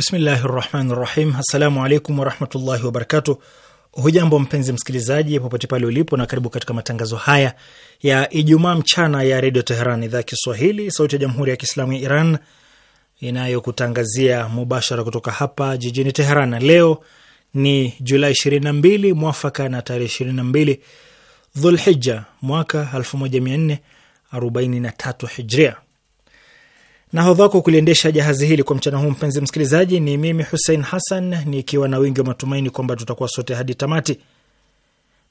Bismillahi rahmani rahim. Assalamu alaikum warahmatullahi wabarakatu. Hujambo mpenzi msikilizaji, popote pale ulipo, na karibu katika matangazo haya ya Ijumaa mchana ya redio Teheran, idhaa ya Kiswahili, sauti ya jamhuri ya kiislamu ya Iran inayokutangazia mubashara kutoka hapa jijini Teheran. Leo ni Julai 22 mwafaka na tarehe 22 Dhulhija mwaka 1443 Hijria. Nahodha wako kuliendesha jahazi hili kwa mchana huu, mpenzi msikilizaji, ni mimi Hussein Hassan, nikiwa na wingi wa matumaini kwamba tutakuwa sote hadi tamati.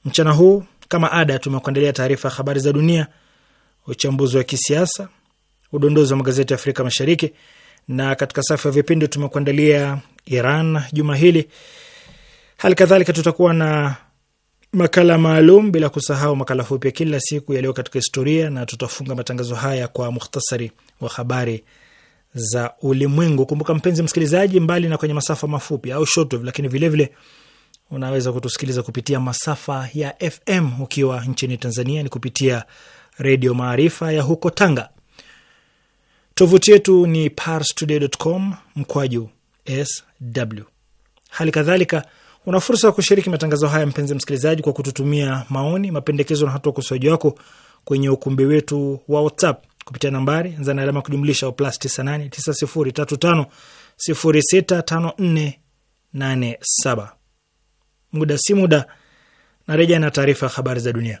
Mchana huu kama ada, tumekuandalia taarifa ya habari za dunia, uchambuzi wa kisiasa, udondozi wa magazeti ya Afrika Mashariki, na katika safu ya vipindi tumekuandalia Iran juma hili. Hali kadhalika tutakuwa na makala maalum, bila kusahau makala fupi ya kila siku yaliyo katika historia, na tutafunga matangazo haya kwa muhtasari wa habari za ulimwengu. Kumbuka mpenzi msikilizaji, mbali na kwenye masafa mafupi au shortwave, lakini vilevile vile unaweza kutusikiliza kupitia masafa ya FM ukiwa nchini Tanzania ni kupitia Redio Maarifa ya huko Tanga. Tovuti yetu ni parstoday.com mkwaju sw. Hali kadhalika Una fursa ya kushiriki matangazo haya, mpenzi msikilizaji, kwa kututumia maoni, mapendekezo na hata ukosoaji wako kwenye ukumbi wetu wa WhatsApp kupitia nambari anza na alama kujumlisha au plus 98 9035 065487. Muda si muda nareja na taarifa ya habari za dunia.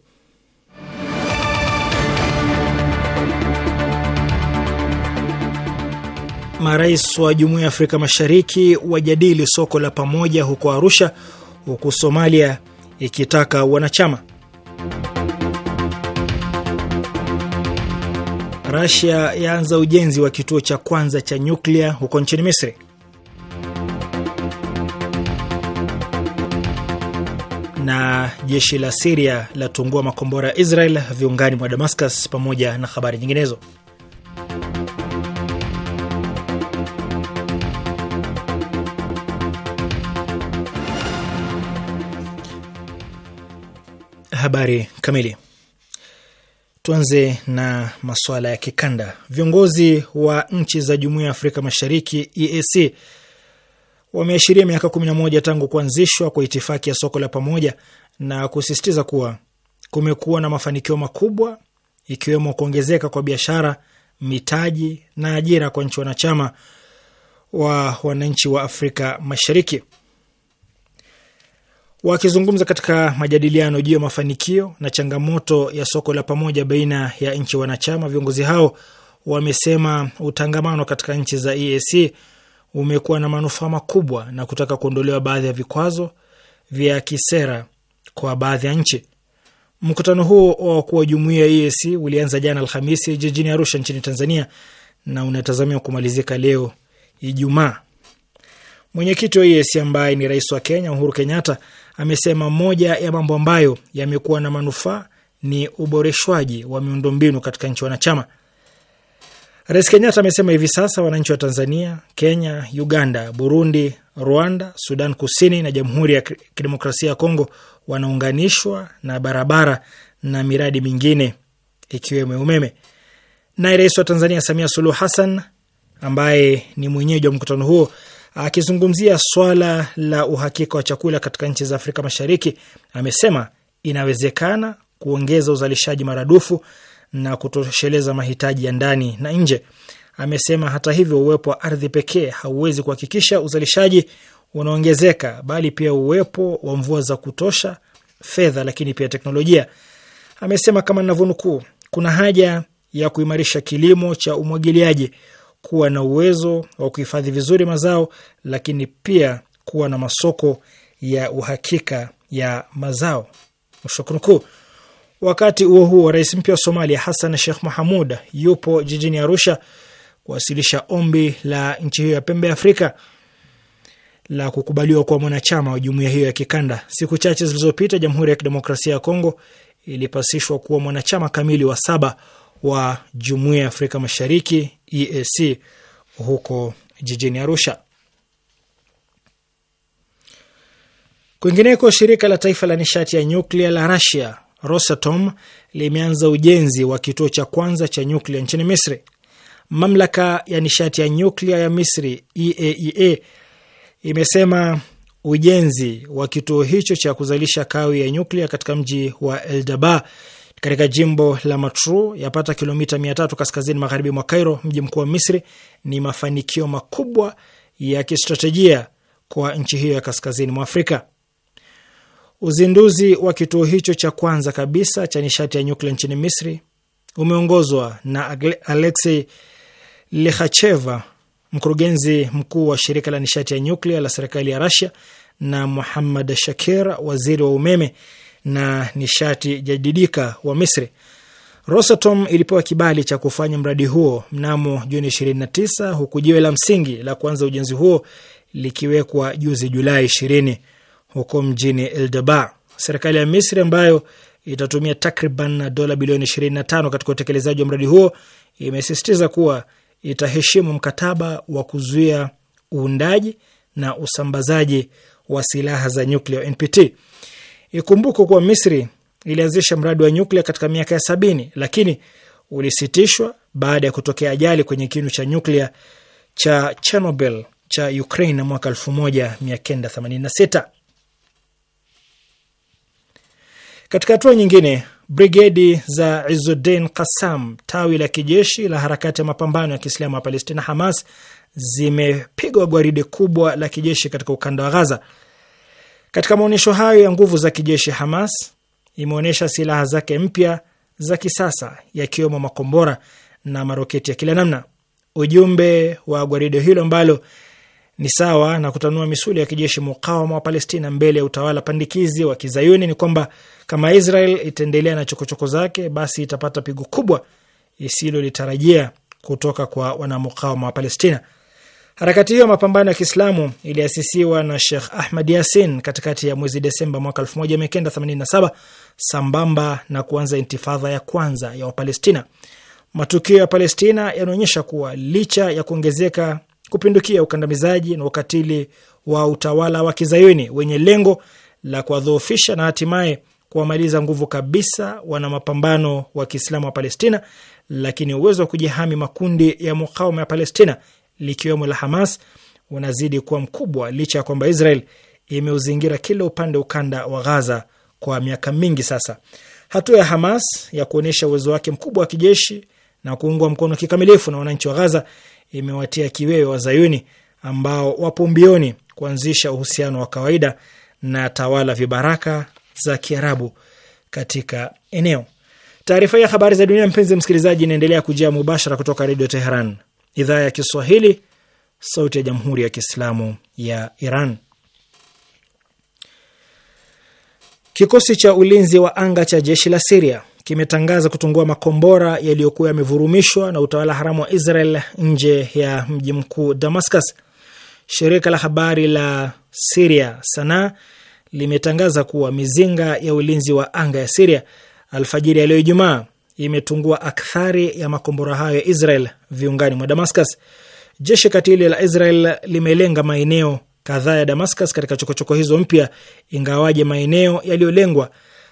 Marais wa Jumuiya ya Afrika Mashariki wajadili soko la pamoja huko Arusha, huku Somalia ikitaka wanachama. Rasia yaanza ujenzi wa kituo cha kwanza cha nyuklia huko nchini Misri. Na jeshi la Siria latungua makombora ya Israel viungani mwa Damascus, pamoja na habari nyinginezo. habari kamili. Tuanze na masuala ya kikanda. Viongozi wa nchi za Jumuiya ya Afrika Mashariki EAC wameashiria miaka moja tangu kuanzishwa kwa itifaki ya soko la pamoja na kusisitiza kuwa kumekuwa na mafanikio makubwa ikiwemo kuongezeka kwa biashara, mitaji na ajira kwa nchi wanachama wa wananchi wa Afrika Mashariki. Wakizungumza katika majadiliano juu ya mafanikio na changamoto ya soko la pamoja baina ya nchi wanachama, viongozi hao wamesema utangamano katika nchi za EAC umekuwa na manufaa makubwa na kutaka kuondolewa baadhi ya vikwazo vya kisera kwa baadhi ya nchi. Mkutano huo wa wakuu wa jumuia ya EAC ulianza jana Alhamisi jijini Arusha nchini Tanzania na unatazamiwa kumalizika leo Ijumaa. Mwenyekiti wa EAC ambaye ni rais wa Kenya Uhuru Kenyatta amesema moja ya mambo ambayo yamekuwa na manufaa ni uboreshwaji wa miundombinu katika nchi wanachama. Rais Kenyatta amesema hivi sasa wananchi wa Tanzania, Kenya, Uganda, Burundi, Rwanda, Sudan Kusini na Jamhuri ya Kidemokrasia ya Kongo wanaunganishwa na barabara na miradi mingine ikiwemo umeme. Naye rais wa Tanzania Samia Suluhu Hassan ambaye ni mwenyeji wa mkutano huo Akizungumzia swala la uhakika wa chakula katika nchi za Afrika Mashariki, amesema inawezekana kuongeza uzalishaji maradufu na kutosheleza mahitaji ya ndani na nje. Amesema hata hivyo, uwepo wa ardhi pekee hauwezi kuhakikisha uzalishaji unaongezeka, bali pia uwepo wa mvua za kutosha, fedha, lakini pia teknolojia. Amesema kama ninavyonukuu, kuna haja ya kuimarisha kilimo cha umwagiliaji kuwa na uwezo wa kuhifadhi vizuri mazao, lakini pia kuwa na masoko ya uhakika ya mazao. Mshukrukuu. Wakati huo huo, rais mpya wa Somalia Hassan Sheikh Mahamud yupo jijini Arusha kuwasilisha ombi la nchi hiyo ya pembe ya Afrika la kukubaliwa kuwa mwanachama wa jumuiya hiyo ya kikanda. Siku chache zilizopita, Jamhuri ya Kidemokrasia ya Kongo ilipasishwa kuwa mwanachama kamili wa saba wa Jumuiya ya Afrika Mashariki EAC huko jijini Arusha. Kwingineko, shirika la taifa la nishati ya nyuklia la Rasia Rosatom limeanza ujenzi wa kituo cha kwanza cha nyuklia nchini Misri. Mamlaka ya nishati ya nyuklia ya Misri EAEA e, imesema ujenzi wa kituo hicho cha kuzalisha kawi ya nyuklia katika mji wa Eldaba katika jimbo la Matru yapata kilomita mia tatu kaskazini magharibi mwa Cairo, mji mkuu wa Misri, ni mafanikio makubwa ya kistratejia kwa nchi hiyo ya kaskazini mwa Afrika. Uzinduzi wa kituo hicho cha kwanza kabisa cha nishati ya nyuklia nchini Misri umeongozwa na Alexei Likhacheva, mkurugenzi mkuu wa shirika la nishati ya nyuklia la serikali ya Rasia, na Muhammad Shakir, waziri wa umeme na nishati jadidika wa Misri. Rosatom ilipewa kibali cha kufanya mradi huo mnamo Juni 29 huku jiwe la msingi la kuanza ujenzi huo likiwekwa juzi Julai 20 huko mjini Eldaba. Serikali ya Misri ambayo itatumia takriban dola bilioni 25 katika utekelezaji wa mradi huo imesisitiza kuwa itaheshimu mkataba wa kuzuia uundaji na usambazaji wa silaha za nyuklia NPT. Ikumbukwe kuwa Misri ilianzisha mradi wa nyuklia katika miaka ya sabini, lakini ulisitishwa baada ya kutokea ajali kwenye kinu cha nyuklia cha Chernobyl cha Ukraine na mwaka 1986. Katika hatua nyingine, brigedi za Izzuddin Qassam, tawi la kijeshi la harakati ya mapambano ya Kiislamu ya Palestina, Hamas, zimepigwa gwaridi kubwa la kijeshi katika ukanda wa Gaza. Katika maonyesho hayo ya nguvu za kijeshi, Hamas imeonyesha silaha zake mpya za kisasa, yakiwemo makombora na maroketi ya kila namna. Ujumbe wa gwaride hilo ambalo ni sawa na kutanua misuli ya kijeshi mukawama wa Palestina mbele ya utawala pandikizi wa kizayuni ni kwamba kama Israel itaendelea na chokochoko zake, basi itapata pigo kubwa isilolitarajia kutoka kwa wanamukawama wa Palestina. Harakati hiyo mapambano ya Kiislamu iliasisiwa na Sheikh Ahmad Yasin katikati ya mwezi Desemba mwaka 1987 sambamba na kuanza intifadha ya kwanza ya Wapalestina. Matukio ya Palestina yanaonyesha kuwa licha ya kuongezeka kupindukia ukandamizaji na ukatili wa utawala wa kizayuni wenye lengo la kuwadhoofisha na hatimaye kuwamaliza nguvu kabisa wana mapambano wa Kiislamu wa Palestina, lakini uwezo wa kujihami makundi ya mukawama ya Palestina likiwemo la Hamas unazidi kuwa mkubwa licha ya kwamba Israel imeuzingira kila upande ukanda wa Gaza kwa miaka mingi sasa. Hatua ya Hamas ya kuonyesha uwezo wake mkubwa wa kijeshi na kuungwa mkono kikamilifu na wananchi wa Gaza imewatia kiwewe wa Zayuni ambao wapo mbioni kuanzisha uhusiano wa kawaida na tawala vibaraka za Kiarabu katika eneo. Taarifa hii ya habari za dunia, mpenzi msikilizaji, inaendelea kujia mubashara kutoka Redio Teheran, idhaa ya Kiswahili, sauti ya jamhuri ya kiislamu ya Iran. Kikosi cha ulinzi wa anga cha jeshi la Siria kimetangaza kutungua makombora yaliyokuwa yamevurumishwa na utawala haramu wa Israel nje ya mji mkuu Damascus. Shirika la habari la Siria Sanaa limetangaza kuwa mizinga ya ulinzi wa anga ya Siria alfajiri ya leo Ijumaa imetungua akthari ya makombora hayo ya Israel viungani mwa Damascus. Jeshi katili la Israel limelenga maeneo kadhaa ya Damascus katika chokochoko hizo mpya, ingawaje maeneo yaliyolengwa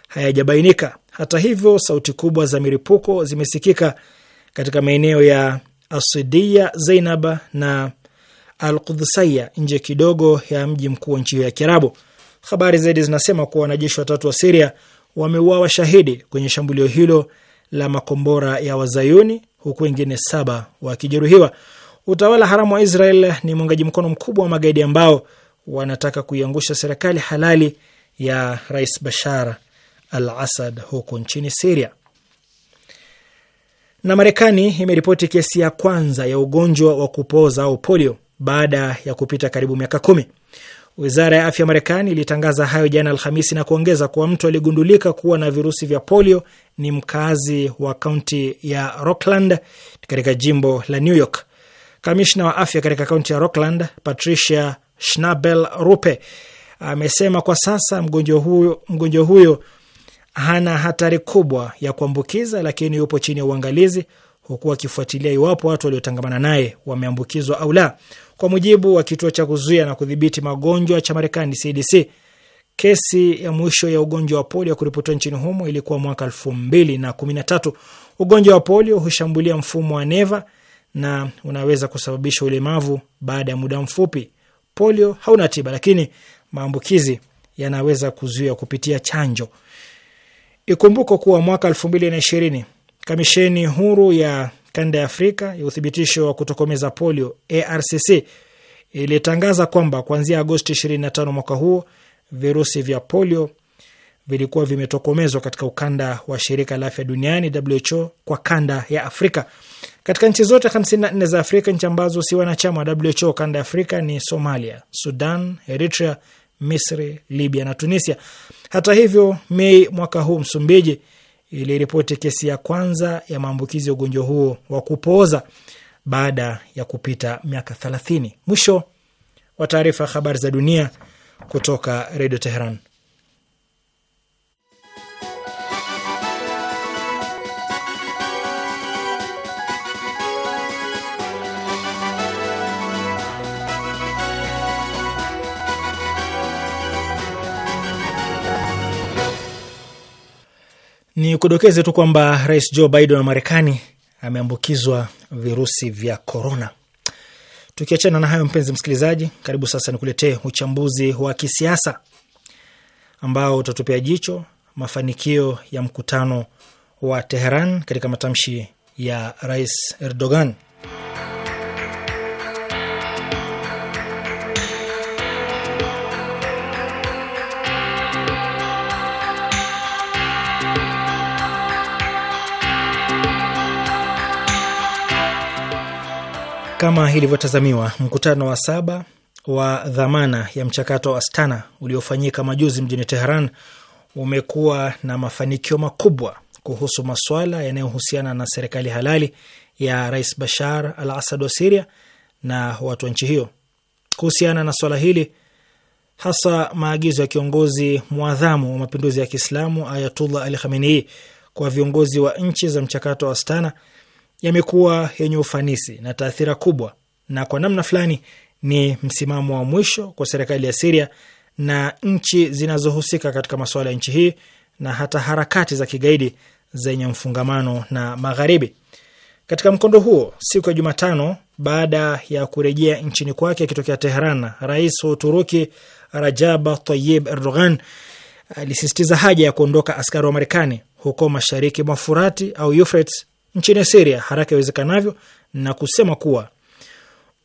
hayajabainika. Hata hivyo, sauti kubwa za milipuko zimesikika katika maeneo ya Asidia, Zainab na Al Qudsaiya, nje kidogo ya mji mkuu wa nchi hiyo ya Kiarabu. Habari zaidi zinasema kuwa wanajeshi watatu wa Siria wameuawa shahidi kwenye shambulio hilo la makombora ya Wazayuni, huku wengine saba wakijeruhiwa. Utawala haramu wa Israel ni mwungaji mkono mkubwa wa magaidi ambao wanataka kuiangusha serikali halali ya Rais Bashar al Asad huko nchini Siria. Na Marekani imeripoti kesi ya kwanza ya ugonjwa wa kupoza au polio baada ya kupita karibu miaka kumi. Wizara ya afya Marekani ilitangaza hayo jana Alhamisi na kuongeza kuwa mtu aligundulika kuwa na virusi vya polio ni mkazi wa kaunti ya Rockland katika jimbo la New York. Kamishna wa afya katika kaunti ya Rockland, Patricia Schnabel Rupe, amesema kwa sasa mgonjwa huyo, mgonjwa huyo hana hatari kubwa ya kuambukiza, lakini yupo chini ya uangalizi, huku akifuatilia iwapo watu waliotangamana naye wameambukizwa au la. Kwa mujibu wa kituo cha kuzuia na kudhibiti magonjwa cha Marekani, CDC, kesi ya mwisho ya ugonjwa wa polio kuripotiwa nchini humo ilikuwa mwaka elfu mbili na kumi na tatu. Ugonjwa wa polio hushambulia mfumo wa neva na unaweza kusababisha ulemavu baada ya muda mfupi. Polio hauna tiba, lakini maambukizi yanaweza kuzuia kupitia chanjo. Ikumbuko kuwa mwaka elfu mbili na ishirini kamisheni huru ya kanda ya Afrika ya uthibitisho wa kutokomeza polio ARCC ilitangaza kwamba kuanzia Agosti 25 mwaka huo virusi vya polio vilikuwa vimetokomezwa katika ukanda wa shirika la afya duniani WHO kwa kanda ya Afrika. Katika nchi zote 54 za Afrika, nchi ambazo si wanachama wa WHO kanda ya Afrika ni Somalia, Sudan, Eritrea, Misri, Libya na Tunisia. Hata hivyo, Mei mwaka huu Msumbiji iliripoti kesi ya kwanza ya maambukizi ya ugonjwa huo wa kupooza baada ya kupita miaka thelathini. Mwisho wa taarifa ya habari za dunia kutoka Redio Teheran. Ni kudokeze tu kwamba Rais Joe Biden wa Marekani ameambukizwa virusi vya korona. Tukiachana na hayo, mpenzi msikilizaji, karibu sasa nikuletee uchambuzi wa kisiasa ambao utatupia jicho mafanikio ya mkutano wa Teheran katika matamshi ya Rais Erdogan. Kama ilivyotazamiwa, mkutano wa saba wa dhamana ya mchakato wa Astana uliofanyika majuzi mjini Teheran umekuwa na mafanikio makubwa kuhusu maswala yanayohusiana na serikali halali ya Rais Bashar al Asad wa Siria na watu wa nchi hiyo. Kuhusiana na swala hili hasa maagizo ya kiongozi mwadhamu wa mapinduzi ya Kiislamu Ayatullah al Khamenei kwa viongozi wa nchi za mchakato wa Astana yamekuwa yenye ufanisi na taathira kubwa, na kwa namna fulani ni msimamo wa mwisho kwa serikali ya Siria na nchi zinazohusika katika masuala ya nchi hii na hata harakati za kigaidi zenye mfungamano na Magharibi. Katika mkondo huo, siku ya Jumatano, baada ya kurejea nchini kwake akitokea teheran rais wa Uturuki Rajab tayib Erdogan alisisitiza haja ya kuondoka askari wa Marekani huko mashariki mwa Furati au Euphrates nchini Siria haraka iwezekanavyo na kusema kuwa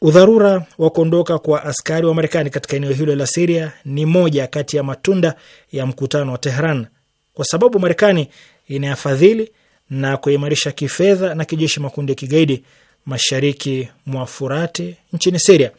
udharura wa kuondoka kwa askari wa Marekani katika eneo hilo la Siria ni moja kati ya matunda ya mkutano wa Tehran, kwa sababu Marekani inayafadhili na kuimarisha kifedha na kijeshi makundi ya kigaidi mashariki mwa Furati nchini Siria.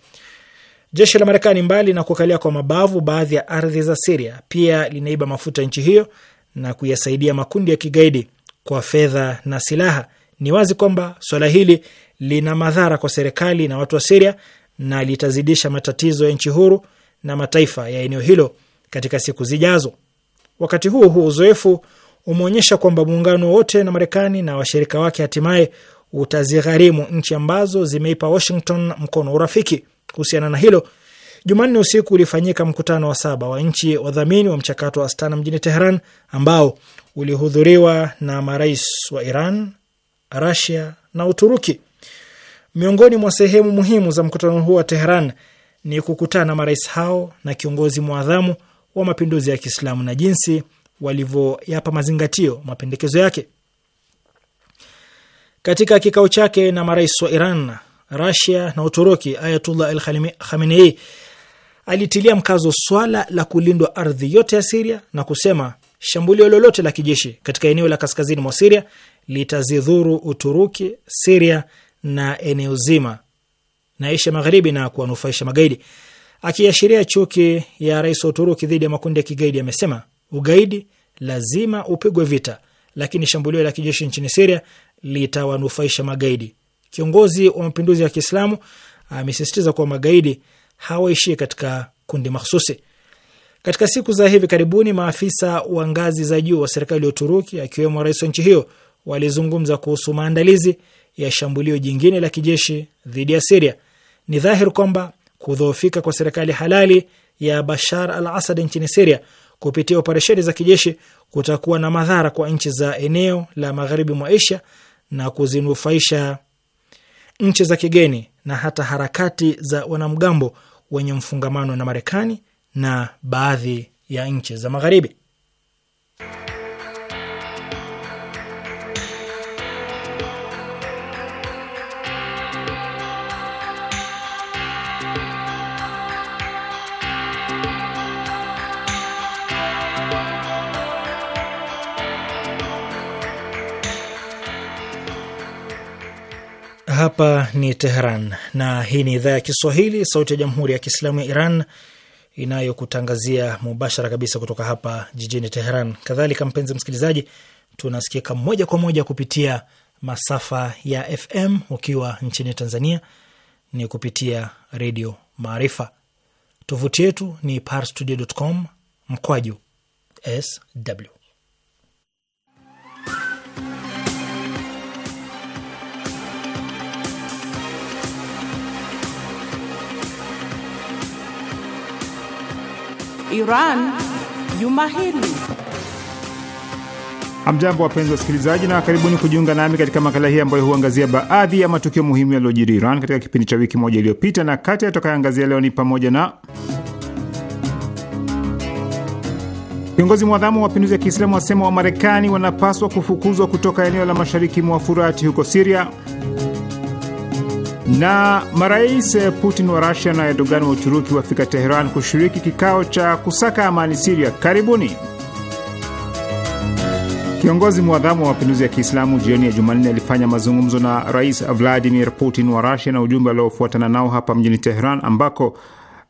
Jeshi la Marekani, mbali na kukalia kwa mabavu baadhi ya ardhi za Siria, pia linaiba mafuta nchi hiyo na kuyasaidia makundi ya kigaidi kwa fedha na silaha. Ni wazi kwamba swala hili lina madhara kwa serikali na watu wa Siria na litazidisha matatizo ya nchi huru na mataifa ya eneo hilo katika siku zijazo. Wakati huo huo, uzoefu umeonyesha kwamba muungano wote na Marekani na washirika wake hatimaye utazigharimu nchi ambazo zimeipa Washington mkono urafiki. Kuhusiana na hilo, Jumanne usiku ulifanyika mkutano wa saba wa nchi wadhamini wa mchakato wa Astana mjini Teheran, ambao ulihudhuriwa na marais wa Iran, Rasia na Uturuki. Miongoni mwa sehemu muhimu za mkutano huo wa Teheran ni kukutana marais hao na kiongozi mwadhamu wa mapinduzi ya Kiislamu na jinsi walivyoyapa mazingatio mapendekezo yake. Katika kikao chake na marais wa Iran, Rasia na Uturuki, Ayatullah Al Khamenei alitilia mkazo swala la kulindwa ardhi yote ya Siria na kusema shambulio lolote la kijeshi katika eneo la kaskazini mwa Siria litazidhuru Uturuki, Siria na eneo zima na Asia Magharibi na kuwanufaisha magaidi. Akiashiria chuki ya rais wa Uturuki dhidi ya makundi ya kigaidi, amesema ugaidi lazima upigwe vita, lakini shambulio la kijeshi nchini Siria litawanufaisha magaidi. Kiongozi wa mapinduzi ya Kiislamu amesisitiza kuwa magaidi hawaishii katika kundi mahsusi. Katika siku za hivi karibuni, maafisa wa ngazi za juu wa serikali ya Uturuki akiwemo rais wa nchi hiyo walizungumza kuhusu maandalizi ya shambulio jingine la kijeshi dhidi ya Siria. Ni dhahiri kwamba kudhoofika kwa serikali halali ya Bashar al Asad nchini Siria kupitia operesheni za kijeshi kutakuwa na madhara kwa nchi za eneo la magharibi mwa Asia na kuzinufaisha nchi za kigeni na hata harakati za wanamgambo wenye mfungamano na Marekani na baadhi ya nchi za magharibi. Hapa ni teheran na hii ni idhaa ya Kiswahili, sauti ya jamhuri ya kiislamu ya Iran inayokutangazia mubashara kabisa kutoka hapa jijini teheran Kadhalika mpenzi msikilizaji, tunasikika moja kwa moja kupitia masafa ya FM. Ukiwa nchini Tanzania ni kupitia Redio Maarifa. Tovuti yetu ni parstoday.com mkwaju sw Iran juma hili. Hamjambo, wapenzi wasikilizaji, na karibuni kujiunga nami katika makala hii ambayo huangazia baadhi ya matukio muhimu yaliyojiri Iran katika kipindi cha wiki moja iliyopita, na kati yatakayoangazia leo ni pamoja na Kiongozi mwadhamu wa mapinduzi ya Kiislamu wasema Wamarekani wanapaswa kufukuzwa kutoka eneo la mashariki mwa Furati huko Siria na marais eh, Putin wa Rusia na Erdogan wa Uturuki wafika Teheran kushiriki kikao cha kusaka amani Siria. Karibuni. Kiongozi mwadhamu wa mapinduzi ya Kiislamu jioni ya Jumanne alifanya mazungumzo na rais Vladimir Putin wa Rusia na ujumbe aliofuatana nao hapa mjini Teheran ambako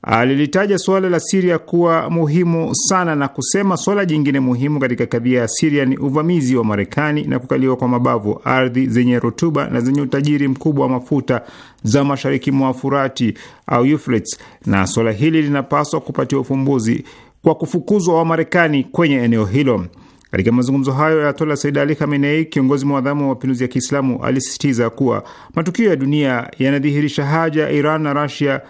Alilitaja ah, suala la Siria kuwa muhimu sana na kusema suala jingine muhimu katika kadhia ya Siria ni uvamizi wa Marekani na kukaliwa kwa mabavu ardhi zenye rutuba na zenye utajiri mkubwa wa mafuta za mashariki mwa Furati au Euphrates, na suala hili linapaswa kupatiwa ufumbuzi kwa kufukuzwa wa Marekani kwenye eneo hilo. Katika mazungumzo hayo ya Ayatollah Said Ali Khamenei, kiongozi mwadhamu wa mapinduzi ya Kiislamu, alisisitiza kuwa matukio ya dunia yanadhihirisha haja ya Iran na Rasia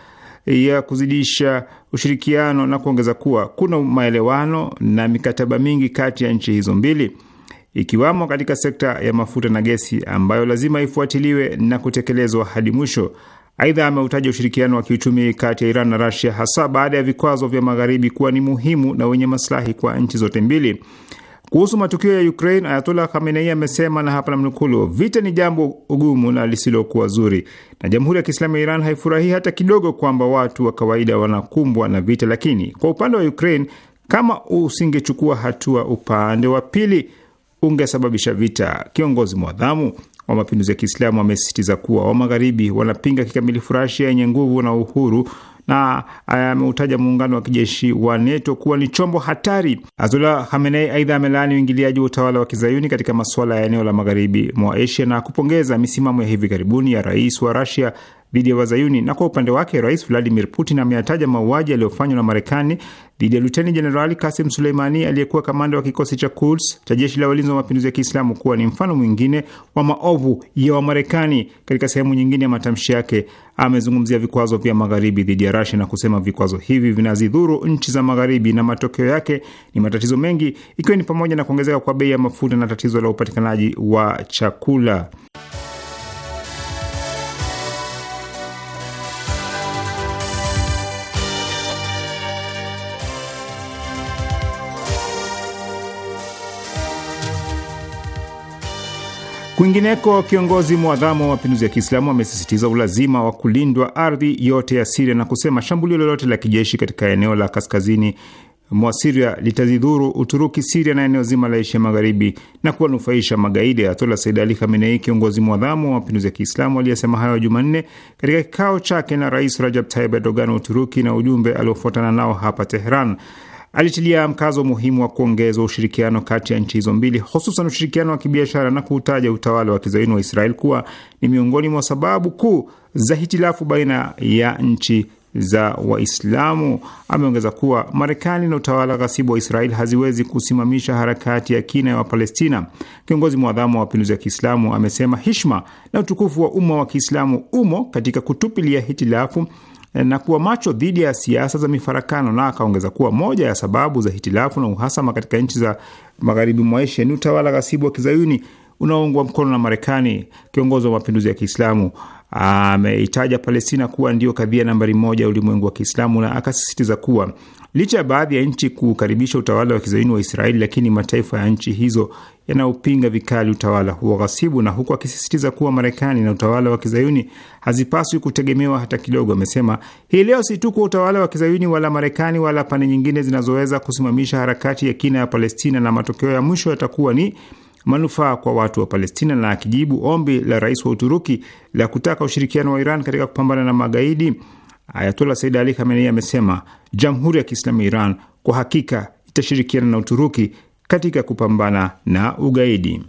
ya kuzidisha ushirikiano na kuongeza kuwa kuna maelewano na mikataba mingi kati ya nchi hizo mbili ikiwamo katika sekta ya mafuta na gesi ambayo lazima ifuatiliwe na kutekelezwa hadi mwisho. Aidha, ameutaja ushirikiano wa kiuchumi kati ya Iran na Rasia hasa baada ya vikwazo vya Magharibi kuwa ni muhimu na wenye masilahi kwa nchi zote mbili. Kuhusu matukio ya Ukraine, Ayatollah Khamenei amesema, na hapa namnukulu, vita ni jambo ugumu na lisilokuwa zuri, na Jamhuri ya Kiislamu ya Iran haifurahii hata kidogo kwamba watu wa kawaida wanakumbwa na vita, lakini kwa upande wa Ukraine, kama usingechukua hatua, upande wa pili ungesababisha vita. Kiongozi mwadhamu wa mapinduzi ya Kiislamu amesisitiza kuwa wa Magharibi wanapinga kikamilifu Rasia yenye nguvu na uhuru na eh, ameutaja muungano wa kijeshi wa NATO kuwa ni chombo hatari. Azula Khamenei aidha amelaani uingiliaji wa utawala wa kizayuni katika masuala ya eneo la magharibi mwa Asia na kupongeza misimamo ya hivi karibuni ya rais wa Rusia dhidi ya Wazayuni. Na kwa upande wake, Rais Vladimir Putin ameyataja mauaji yaliyofanywa na Marekani dhidi ya Luteni Jenerali Kasim Suleimani aliyekuwa kamanda wa kikosi cha Quds cha jeshi la walinzi wa mapinduzi ya Kiislamu kuwa ni mfano mwingine wa maovu ya Wamarekani. Katika sehemu nyingine ya matamshi yake, amezungumzia vikwazo vya Magharibi dhidi ya Rasia na kusema vikwazo hivi vinazidhuru nchi za Magharibi na matokeo yake ni matatizo mengi, ikiwa ni pamoja na kuongezeka kwa bei ya mafuta na tatizo la upatikanaji wa chakula. Kwingineko, kiongozi mwadhamu wa mapinduzi ya Kiislamu amesisitiza ulazima wa kulindwa ardhi yote ya Siria na kusema shambulio lolote la kijeshi katika eneo la kaskazini mwa Siria litazidhuru Uturuki, Siria na eneo zima la Asia Magharibi na kuwanufaisha magaidi. Ayatollah Said Ali Khamenei, kiongozi mwadhamu wa mapinduzi ya Kiislamu, aliyesema hayo Jumanne katika kikao chake na Rais Rajab Tayyip Erdogan wa Uturuki na ujumbe aliofuatana nao hapa Tehran. Alitilia mkazo muhimu wa kuongezwa ushirikiano kati ya nchi hizo mbili, hususan ushirikiano wa kibiashara na kuutaja utawala wa kizayuni wa Israel kuwa ni miongoni mwa sababu kuu za hitilafu baina ya nchi za Waislamu. Ameongeza kuwa Marekani na utawala ghasibu wa Israel haziwezi kusimamisha harakati ya kina ya Wapalestina. Kiongozi mwadhamu wa mapinduzi ya Kiislamu amesema hishma na utukufu wa umma wa Kiislamu umo katika kutupilia hitilafu na kuwa macho dhidi ya siasa za mifarakano, na akaongeza kuwa moja ya sababu za hitilafu na uhasama katika nchi za magharibi mwa Asia ni utawala ghasibu wa kizayuni unaoungwa mkono na Marekani. Kiongozi wa mapinduzi ya Kiislamu ameitaja Palestina kuwa ndiyo kadhia nambari moja ya ulimwengu wa Kiislamu na akasisitiza kuwa licha ya baadhi ya nchi kukaribisha utawala wa kizaini wa Israeli, lakini mataifa ya nchi hizo yanayopinga vikali utawala huo ghasibu, na huku akisisitiza kuwa Marekani na utawala wa kizayuni hazipaswi kutegemewa hata kidogo. Amesema hii leo si tu kwa utawala wa kizayuni wala Marekani wala pande nyingine zinazoweza kusimamisha harakati ya kina ya Palestina, na matokeo ya mwisho yatakuwa ni manufaa kwa watu wa Palestina, na akijibu ombi la rais wa Uturuki la kutaka ushirikiano wa Iran katika kupambana na magaidi, Ayatola Said Ali Khamenei amesema jamhuri ya Kiislamu ya Iran kwa hakika itashirikiana na Uturuki katika kupambana na ugaidi.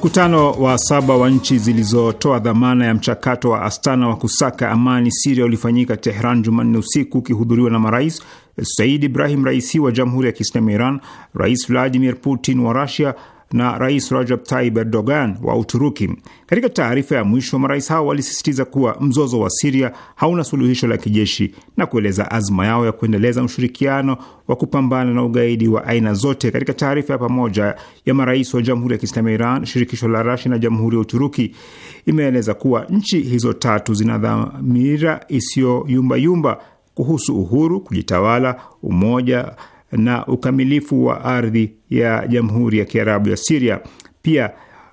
Mkutano wa saba wa nchi zilizotoa dhamana ya mchakato wa Astana wa kusaka amani Siria ulifanyika Tehran Jumanne usiku ukihudhuriwa na marais Said Ibrahim Raisi wa Jamhuri ya Kiislamu ya Iran, Rais Vladimir Putin wa Rusia na rais Rajab Tayib Erdogan wa Uturuki. Katika taarifa ya mwisho, marais hao walisisitiza kuwa mzozo wa Siria hauna suluhisho la kijeshi na kueleza azma yao ya kuendeleza ushirikiano wa kupambana na ugaidi wa aina zote. Katika taarifa ya pamoja ya marais wa Jamhuri ya Kiislamu ya Iran, shirikisho la rasia na Jamhuri ya Uturuki imeeleza kuwa nchi hizo tatu zina dhamira isiyoyumbayumba kuhusu uhuru, kujitawala, umoja na ukamilifu wa ardhi ya Jamhuri ya Kiarabu ya Siria. Pia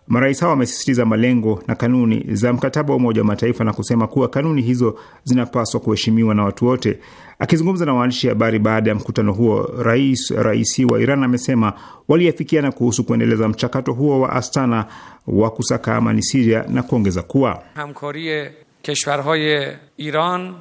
marais hao wamesisitiza malengo na kanuni za mkataba wa Umoja wa Mataifa na kusema kuwa kanuni hizo zinapaswa kuheshimiwa na watu wote. Akizungumza na waandishi habari baada ya mkutano huo, rais raisi wa Iran amesema waliafikiana kuhusu kuendeleza mchakato huo wa Astana wa kusaka amani Siria na kuongeza kuwa Iran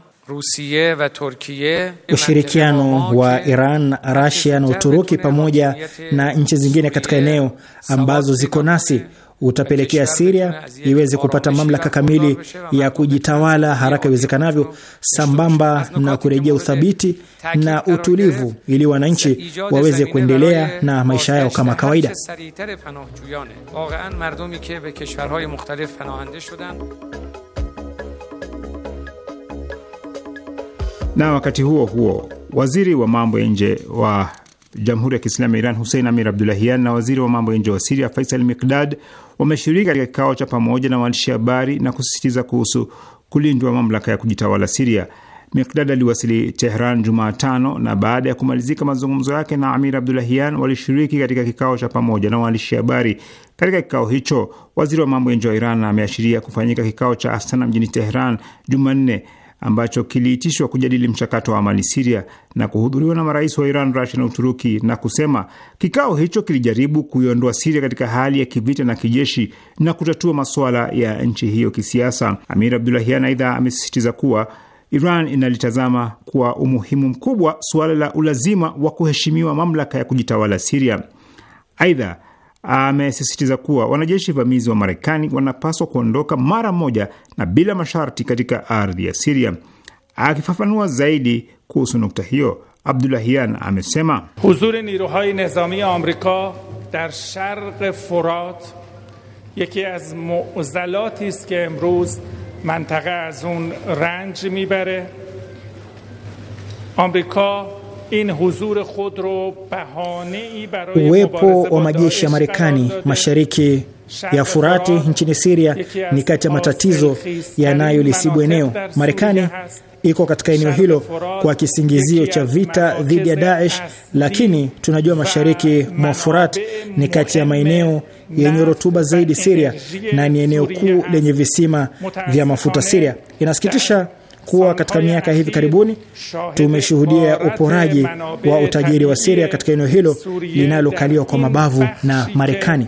Ushirikiano wa Iran, Rasia na Uturuki pamoja na nchi zingine katika eneo ambazo ziko nasi utapelekea Siria iweze kupata mamlaka kamili ya kujitawala haraka iwezekanavyo, sambamba na kurejea uthabiti na utulivu, ili wananchi waweze kuendelea na maisha yao kama kawaida. Na wakati huo huo, waziri wa mambo ya nje wa Jamhuri ya Kiislamu ya Iran Husein Amir Abdulahian na waziri wa mambo ya nje wa Siria Faisal Mikdad wameshiriki katika kikao cha pamoja na waandishi habari na kusisitiza kuhusu kulindwa mamlaka ya kujitawala Siria. Mikdad aliwasili Tehran Jumatano na baada ya kumalizika mazungumzo yake na Amir Abdulahian walishiriki katika kikao cha pamoja na waandishi habari. Katika kikao hicho, waziri wa mambo ya nje wa Iran ameashiria kufanyika kikao cha Astana mjini Tehran Jumanne ambacho kiliitishwa kujadili mchakato wa amani Siria na kuhudhuriwa na marais wa Iran, Rusia na Uturuki, na kusema kikao hicho kilijaribu kuiondoa Siria katika hali ya kivita na kijeshi na kutatua masuala ya nchi hiyo kisiasa. Amir Abdulahian aidha amesisitiza kuwa Iran inalitazama kwa umuhimu mkubwa suala la ulazima wa kuheshimiwa mamlaka ya kujitawala Siria. Aidha amesisitiza kuwa wanajeshi vamizi wa Marekani wanapaswa kuondoka mara moja na bila masharti katika ardhi ya Siria. Akifafanua zaidi kuhusu nukta hiyo, Abdulahian amesema huzuri niruhai nizami ya Amerika dar sharq furat yeki az muzalati ist ke emruz mantagha az un ranj mibare Amerika Uwepo wa majeshi ya Marekani mashariki ya Furati nchini Siria ni kati ya matatizo yanayolisibu eneo. Marekani iko katika eneo hilo kwa kisingizio cha vita dhidi ya Daesh, lakini tunajua mashariki mwa Furat ni kati ya maeneo yenye rutuba zaidi Siria na ni eneo kuu lenye visima vya mafuta Siria. Inasikitisha kuwa katika miaka hivi karibuni tumeshuhudia uporaji wa utajiri wa Siria katika eneo hilo linalokaliwa kwa mabavu na Marekani.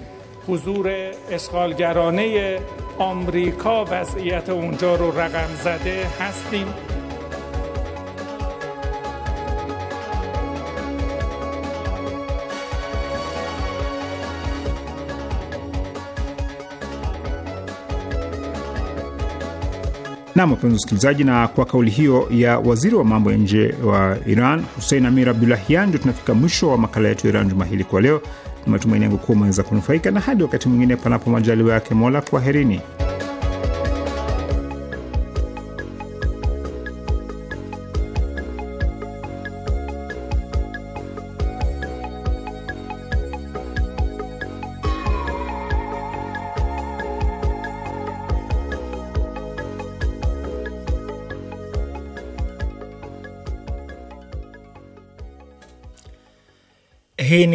Nam, wapenzi usikilizaji na kwa kauli hiyo ya waziri wa mambo ya nje wa Iran Hussein Amir Abdulahian, ndio tunafika mwisho wa makala yetu ya Iran juma hili kwa leo. Matumaini yangu kuwa umeweza kunufaika, na hadi wakati mwingine, panapo majaliwa yake Mola, kwaherini.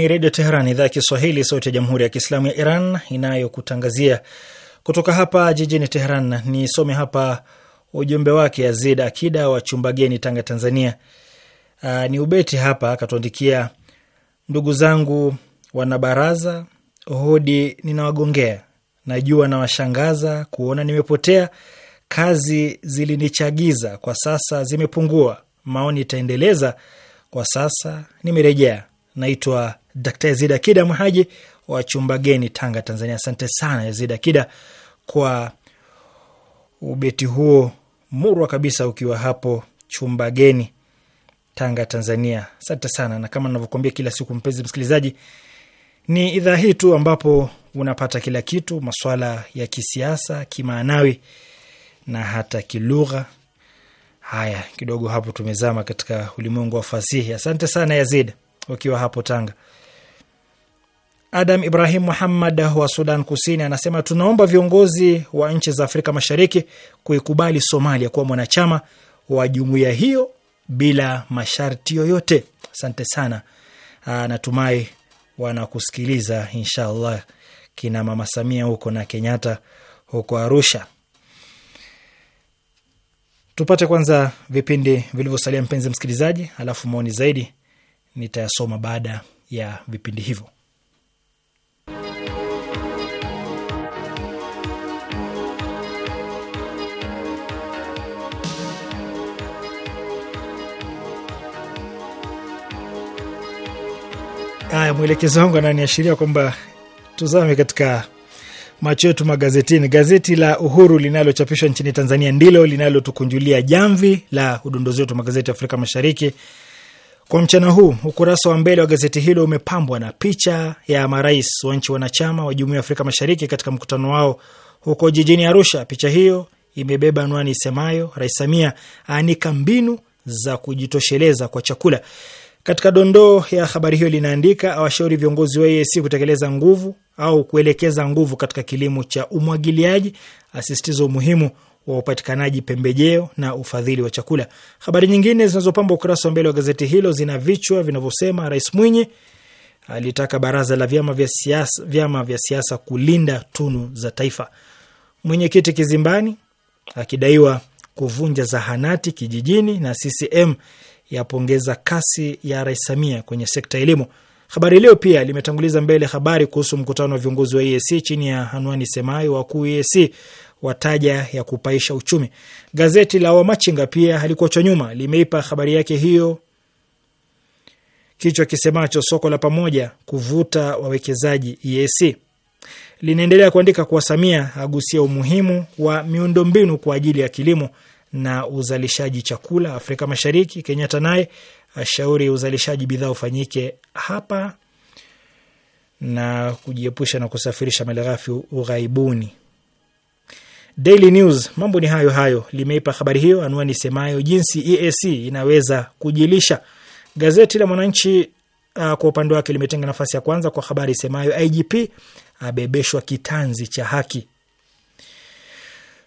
ni Redio Teheran, idhaa ya Kiswahili, sauti ya Jamhuri ya Kiislamu ya Iran inayokutangazia kutoka hapa jijini Teheran. Nisome hapa ujumbe wake Yazid Akida wa geni Tanga, Tanzania. Aa, ah, ni ubeti hapa akatuandikia: ndugu zangu wanabaraza, hodi ninawagongea, najua nawashangaza kuona nimepotea, kazi zilinichagiza, kwa sasa zimepungua, maoni itaendeleza, kwa sasa nimerejea. Naitwa Dkt Yazid Akida Mhaji wa geni Tanga, Tanzania. Asante sana Yazid Akida kwa ubeti huo murwa kabisa, ukiwa hapo chumba geni Tanga, Tanzania. Asante sana, na kama navyokuambia kila siku, mpenzi msikilizaji, ni idhaa hii tu ambapo unapata kila kitu, masuala ya kisiasa, kimaanawi na hata kilugha. Haya, kidogo hapo tumezama katika ulimwengu wa fasihi. Asante sana Yazid, ukiwa hapo Tanga. Adam Ibrahim Muhammad wa Sudan Kusini anasema tunaomba viongozi wa nchi za Afrika Mashariki kuikubali Somalia kuwa mwanachama wa jumuiya hiyo bila masharti yoyote. Asante sana. Aa, ah, natumai wanakusikiliza inshallah, kina Mama Samia huko na Kenyatta huko Arusha. Tupate kwanza vipindi vilivyosalia, mpenzi msikilizaji, alafu maoni zaidi nitayasoma baada ya vipindi hivyo. Haya, mwelekezo wangu ananiashiria kwamba tuzame katika macho yetu magazetini. Gazeti la Uhuru linalochapishwa nchini Tanzania ndilo linalotukunjulia jamvi la udondozi wetu magazeti ya Afrika Mashariki kwa mchana huu. Ukurasa wa mbele wa gazeti hilo umepambwa na picha ya marais wa nchi wanachama wa Jumuiya ya Afrika Mashariki katika mkutano wao huko jijini Arusha. Picha hiyo imebeba anwani isemayo, Rais Samia aanika mbinu za kujitosheleza kwa chakula. Katika dondoo ya habari hiyo linaandika awashauri viongozi wa EAC kutekeleza nguvu au kuelekeza nguvu katika kilimo cha umwagiliaji, asisitiza umuhimu wa upatikanaji pembejeo na ufadhili wa chakula. Habari nyingine zinazopamba ukurasa wa mbele wa gazeti hilo zina vichwa vinavyosema: Rais Mwinyi alitaka baraza la vyama vya siasa, vyama vya siasa kulinda tunu za taifa; mwenyekiti kizimbani akidaiwa kuvunja zahanati kijijini; na CCM yapongeza kasi ya Rais Samia kwenye sekta ya elimu. Habari Leo pia limetanguliza mbele habari kuhusu mkutano wa viongozi wa EAC chini ya anwani semayo wakuu EAC wataja ya kupaisha uchumi. Gazeti la Wamachinga pia halikuachwa nyuma, limeipa habari yake hiyo kichwa kisemacho soko la pamoja kuvuta wawekezaji EAC. Linaendelea kuandika kuwa Samia agusia umuhimu wa miundombinu kwa ajili ya kilimo na uzalishaji chakula Afrika Mashariki. Kenyatta naye ashauri uzalishaji bidhaa ufanyike hapa na kujiepusha na kusafirisha malighafi ughaibuni. Daily News, mambo ni hayo hayo, limeipa habari hiyo anwani semayo jinsi EAC inaweza kujilisha. Gazeti la Mwananchi uh, kwa upande wake limetenga nafasi ya kwanza kwa habari semayo IGP abebeshwa kitanzi cha haki.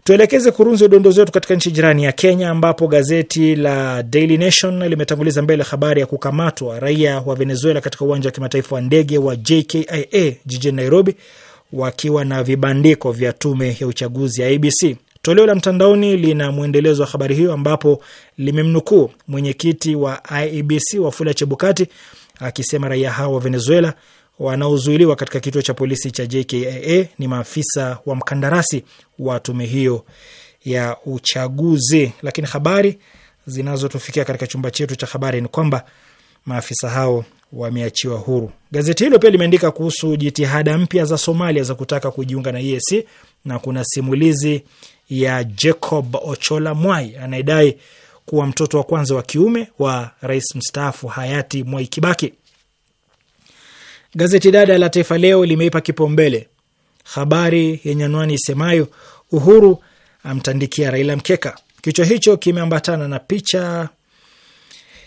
Tuelekeze kurunzi udondozi wetu katika nchi jirani ya Kenya, ambapo gazeti la Daily Nation limetanguliza mbele habari ya kukamatwa raia wa Venezuela katika uwanja wa kimataifa wa ndege wa JKIA jijini Nairobi, wakiwa na vibandiko vya tume ya uchaguzi ya ABC. Toleo la mtandaoni lina mwendelezo wa habari hiyo, ambapo limemnukuu mwenyekiti wa IEBC Wafula Chebukati akisema raia hao wa Venezuela wanaozuiliwa katika kituo cha polisi cha jkaa ni maafisa wa mkandarasi wa tume hiyo ya uchaguzi. Lakini habari zinazotufikia katika chumba chetu cha habari ni kwamba maafisa hao wameachiwa huru. Gazeti hilo pia limeandika kuhusu jitihada mpya za Somalia za kutaka kujiunga na EAC na kuna simulizi ya Jacob Ochola Mwai anayedai kuwa mtoto wa kwanza wa kiume wa rais mstaafu hayati Mwai Kibaki. Gazeti dada la Taifa Leo limeipa kipaumbele habari yenye anwani isemayo Uhuru amtandikia Raila mkeka. Kichwa hicho kimeambatana na picha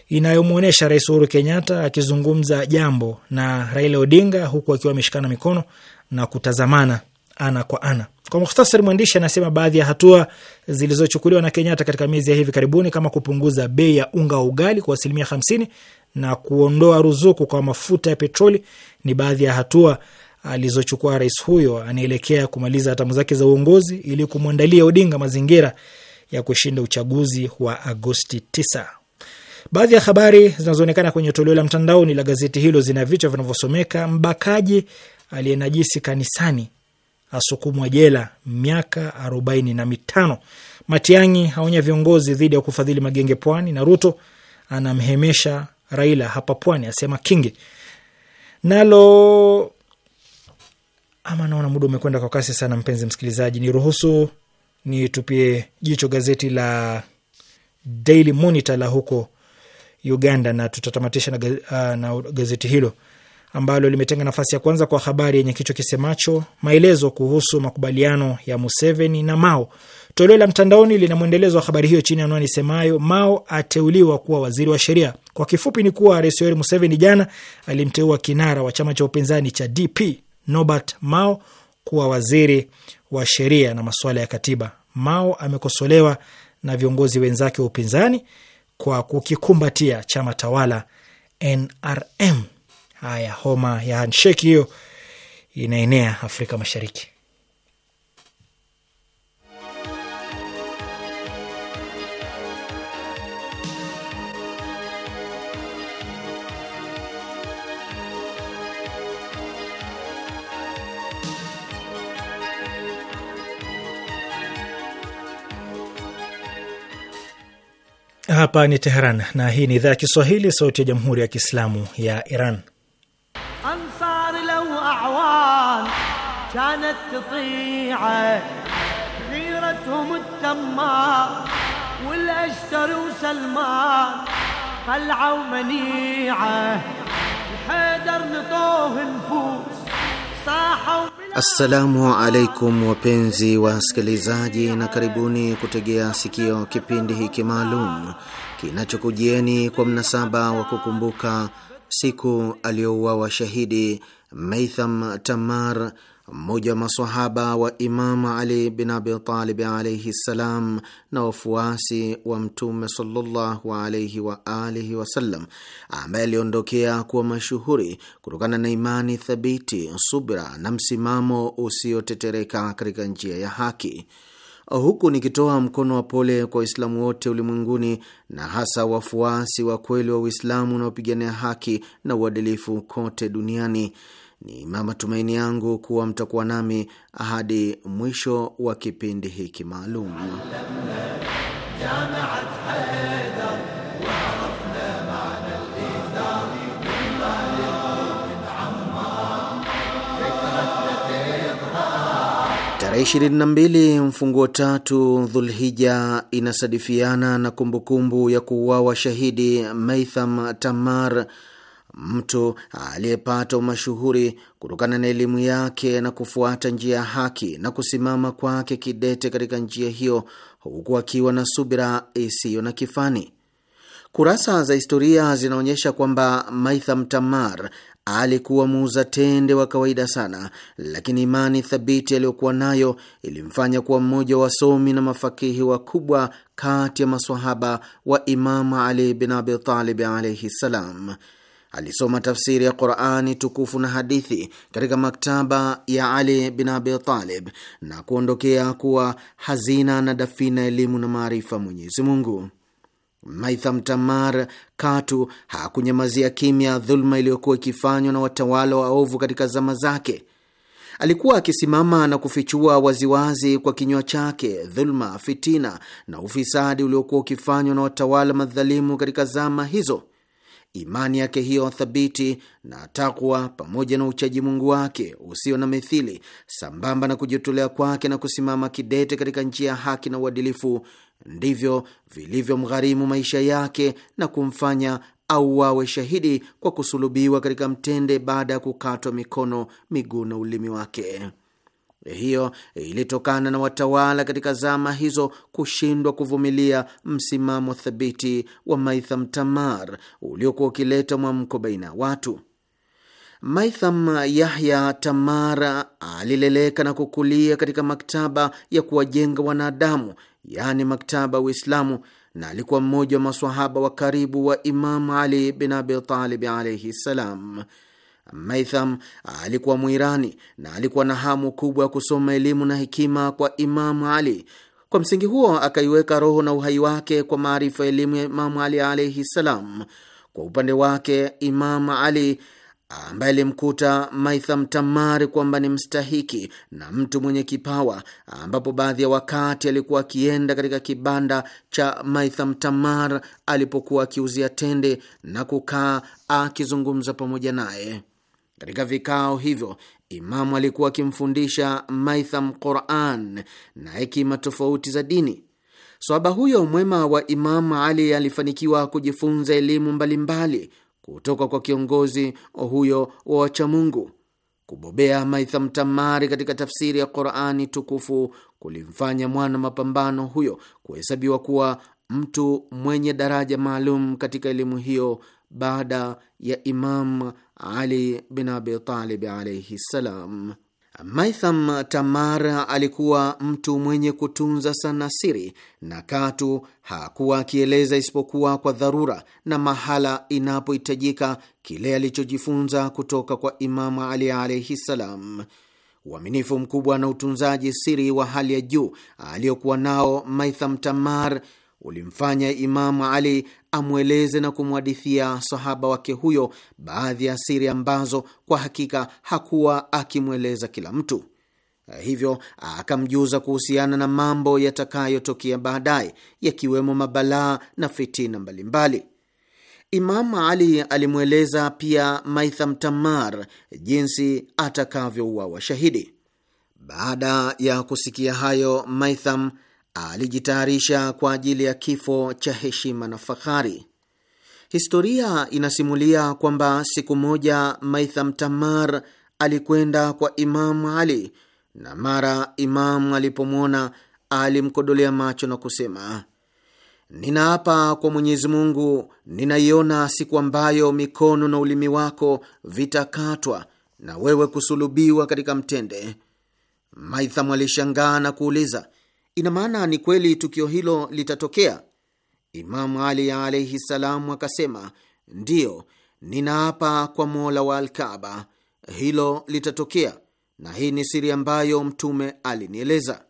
inayomwonyesha Rais Uhuru Kenyatta akizungumza jambo na Raila Odinga huku akiwa ameshikana mikono na kutazamana ana kwa ana. Kwa mukhtasari, mwandishi anasema baadhi ya hatua zilizochukuliwa na Kenyatta katika miezi ya hivi karibuni kama kupunguza bei ya unga wa ugali kwa asilimia 50 na kuondoa ruzuku kwa mafuta ya petroli ni baadhi ya hatua alizochukua rais huyo anaelekea kumaliza hatamu zake za uongozi ili kumwandalia Odinga mazingira ya kushinda uchaguzi wa Agosti 9. Baadhi ya habari zinazoonekana kwenye toleo la mtandaoni la gazeti hilo zina vichwa vinavyosomeka: mbakaji aliyenajisi kanisani asukumwa jela miaka arobaini na mitano, Matiang'i aonya viongozi dhidi ya kufadhili magenge pwani, na Ruto anamhemesha Raila hapa pwani, asema Kingi nalo ama naona muda umekwenda kwa kasi sana, mpenzi msikilizaji, niruhusu nitupie jicho gazeti la Daily Monitor la huko Uganda, na tutatamatisha na, ah, na gazeti hilo ambalo limetenga nafasi ya kwanza kwa habari yenye kichwa kisemacho maelezo kuhusu makubaliano ya Museveni na Mao. Toleo la mtandaoni lina mwendelezo wa habari hiyo chini ya anwani semayo Mao ateuliwa kuwa waziri wa sheria. Kwa kifupi ni kuwa Rais Yoweri Museveni jana alimteua kinara wa chama cha upinzani cha DP Norbert Mao kuwa waziri wa sheria na masuala ya katiba. Mao amekosolewa na viongozi wenzake wa upinzani kwa kukikumbatia chama tawala NRM. Haya, homa ya handshake hiyo inaenea Afrika Mashariki. Hapa ni Teheran na hii ni idhaa ya Kiswahili, sauti ya jamhuri ya kiislamu ya Iran. Assalamu alaikum wapenzi wa wasikilizaji, na karibuni kutegea sikio kipindi hiki maalum kinachokujieni kwa mnasaba wa kukumbuka siku aliyouawa shahidi Maitham Tamar mmoja wa masahaba wa Imamu Ali bin Abitalib alaihi ssalam na wafuasi wa Mtume sallallahu alaihi wa alihi wasallam, ambaye aliondokea kuwa mashuhuri kutokana na imani thabiti, subra na msimamo usiotetereka katika njia ya haki huku nikitoa mkono wa pole kwa Waislamu wote ulimwenguni na hasa wafuasi wa kweli wa Uislamu unaopigania haki na uadilifu kote duniani ni mama tumaini yangu kuwa mtakuwa nami hadi mwisho wa kipindi hiki maalum. Tarehe 22 mfunguo tatu Dhulhija inasadifiana na kumbukumbu ya kuuawa shahidi Maitham Tamar Mtu aliyepata umashuhuri kutokana na elimu yake na kufuata njia ya haki na kusimama kwake kidete katika njia hiyo, huku akiwa na subira isiyo na kifani. Kurasa za historia zinaonyesha kwamba Maitham Tamar alikuwa muuza tende wa kawaida sana, lakini imani thabiti aliyokuwa nayo ilimfanya kuwa mmoja wa wasomi na mafakihi wakubwa kati ya maswahaba wa Imamu Ali bin Abitalib alaihi ssalam. Alisoma tafsiri ya Qurani tukufu na hadithi katika maktaba ya Ali bin Abi Talib na kuondokea kuwa hazina na dafina elimu na maarifa Mwenyezi Mungu. Maitham Tamar katu hakunyamazia kimya dhuluma iliyokuwa ikifanywa na watawala waovu katika zama zake. Alikuwa akisimama na kufichua waziwazi kwa kinywa chake dhuluma, fitina na ufisadi uliokuwa ukifanywa na watawala madhalimu katika zama hizo. Imani yake hiyo thabiti na takwa, pamoja na uchaji Mungu wake usio na mithili, sambamba na kujitolea kwake na kusimama kidete katika njia ya haki na uadilifu, ndivyo vilivyomgharimu maisha yake na kumfanya au wawe shahidi kwa kusulubiwa katika mtende baada ya kukatwa mikono, miguu na ulimi wake hiyo ilitokana na watawala katika zama hizo kushindwa kuvumilia msimamo thabiti wa Maitham Tamar uliokuwa ukileta mwamko baina ya watu. Maitham Yahya Tamar alileleka na kukulia katika maktaba ya kuwajenga wanadamu, yaani maktaba wa Uislamu, na alikuwa mmoja wa maswahaba wa karibu wa Imamu Ali bin Abi Talib alaihi ssalam. Maitham alikuwa Mwirani na alikuwa na hamu kubwa ya kusoma elimu na hekima kwa Imamu Ali. Kwa msingi huo akaiweka roho na uhai wake kwa maarifa ya elimu ya Imamu Ali alaihi ssalam. Kwa upande wake, Imamu Ali ambaye alimkuta Maitham Tamari kwamba ni mstahiki na mtu mwenye kipawa, ambapo baadhi ya wakati alikuwa akienda katika kibanda cha Maitham Tamar alipokuwa akiuzia tende na kukaa akizungumza pamoja naye. Katika vikao hivyo Imamu alikuwa akimfundisha Maitham Quran na hekima tofauti za dini. Swaba huyo mwema wa Imamu Ali alifanikiwa kujifunza elimu mbalimbali kutoka kwa kiongozi huyo wa wachamungu. Kubobea Maitham Tamari katika tafsiri ya Qurani tukufu kulimfanya mwana mapambano huyo kuhesabiwa kuwa mtu mwenye daraja maalum katika elimu hiyo baada ya Imam ali bin Abi Talib alaihi ssalam. Maitham Tamar alikuwa mtu mwenye kutunza sana siri na katu hakuwa akieleza isipokuwa kwa dharura na mahala inapohitajika kile alichojifunza kutoka kwa Imamu Ali alaihi ssalam. Uaminifu mkubwa na utunzaji siri wa hali ya juu aliyokuwa nao Maitham Tamar ulimfanya Imamu Ali amweleze na kumwadithia sahaba wake huyo baadhi ya siri ambazo kwa hakika hakuwa akimweleza kila mtu. Hivyo akamjuza kuhusiana na mambo yatakayotokea baadaye, yakiwemo mabalaa na fitina mbalimbali. imamu Ali alimweleza pia Maitham Tamar jinsi atakavyouawa shahidi. Baada ya kusikia hayo, Maitham alijitayarisha kwa ajili ya kifo cha heshima na fahari. Historia inasimulia kwamba siku moja Maitham Tamar alikwenda kwa Imamu Ali na mara Imamu alipomwona alimkodolea macho na kusema, ninaapa kwa Mwenyezi Mungu, ninaiona siku ambayo mikono na ulimi wako vitakatwa na wewe kusulubiwa katika mtende. Maitham alishangaa na kuuliza Ina maana ni kweli tukio hilo litatokea? Imamu Ali alaihi salam akasema, ndiyo, ninaapa kwa mola wa Alkaba, hilo litatokea, na hii ni siri ambayo Mtume alinieleza.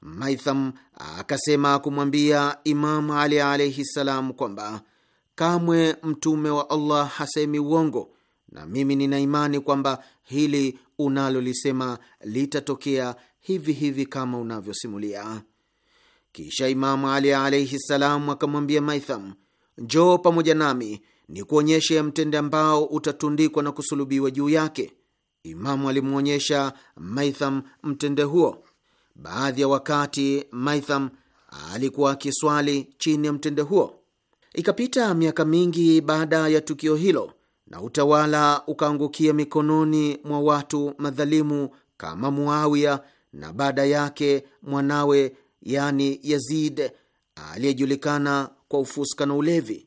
Maitham akasema kumwambia Imamu Ali alaihi salam kwamba kamwe Mtume wa Allah hasemi uongo, na mimi nina imani kwamba hili unalolisema litatokea hivi hivi kama unavyosimulia. Kisha Imamu Ali alaihi ssalam akamwambia Maitham, njoo pamoja nami ni kuonyeshe mtende ambao utatundikwa na kusulubiwa juu yake. Imamu alimwonyesha Maitham mtende huo. Baadhi ya wakati Maitham alikuwa akiswali chini ya mtende huo. Ikapita miaka mingi baada ya tukio hilo, na utawala ukaangukia mikononi mwa watu madhalimu kama Muawiya na baada yake mwanawe yani Yazid aliyejulikana kwa ufuska na ulevi.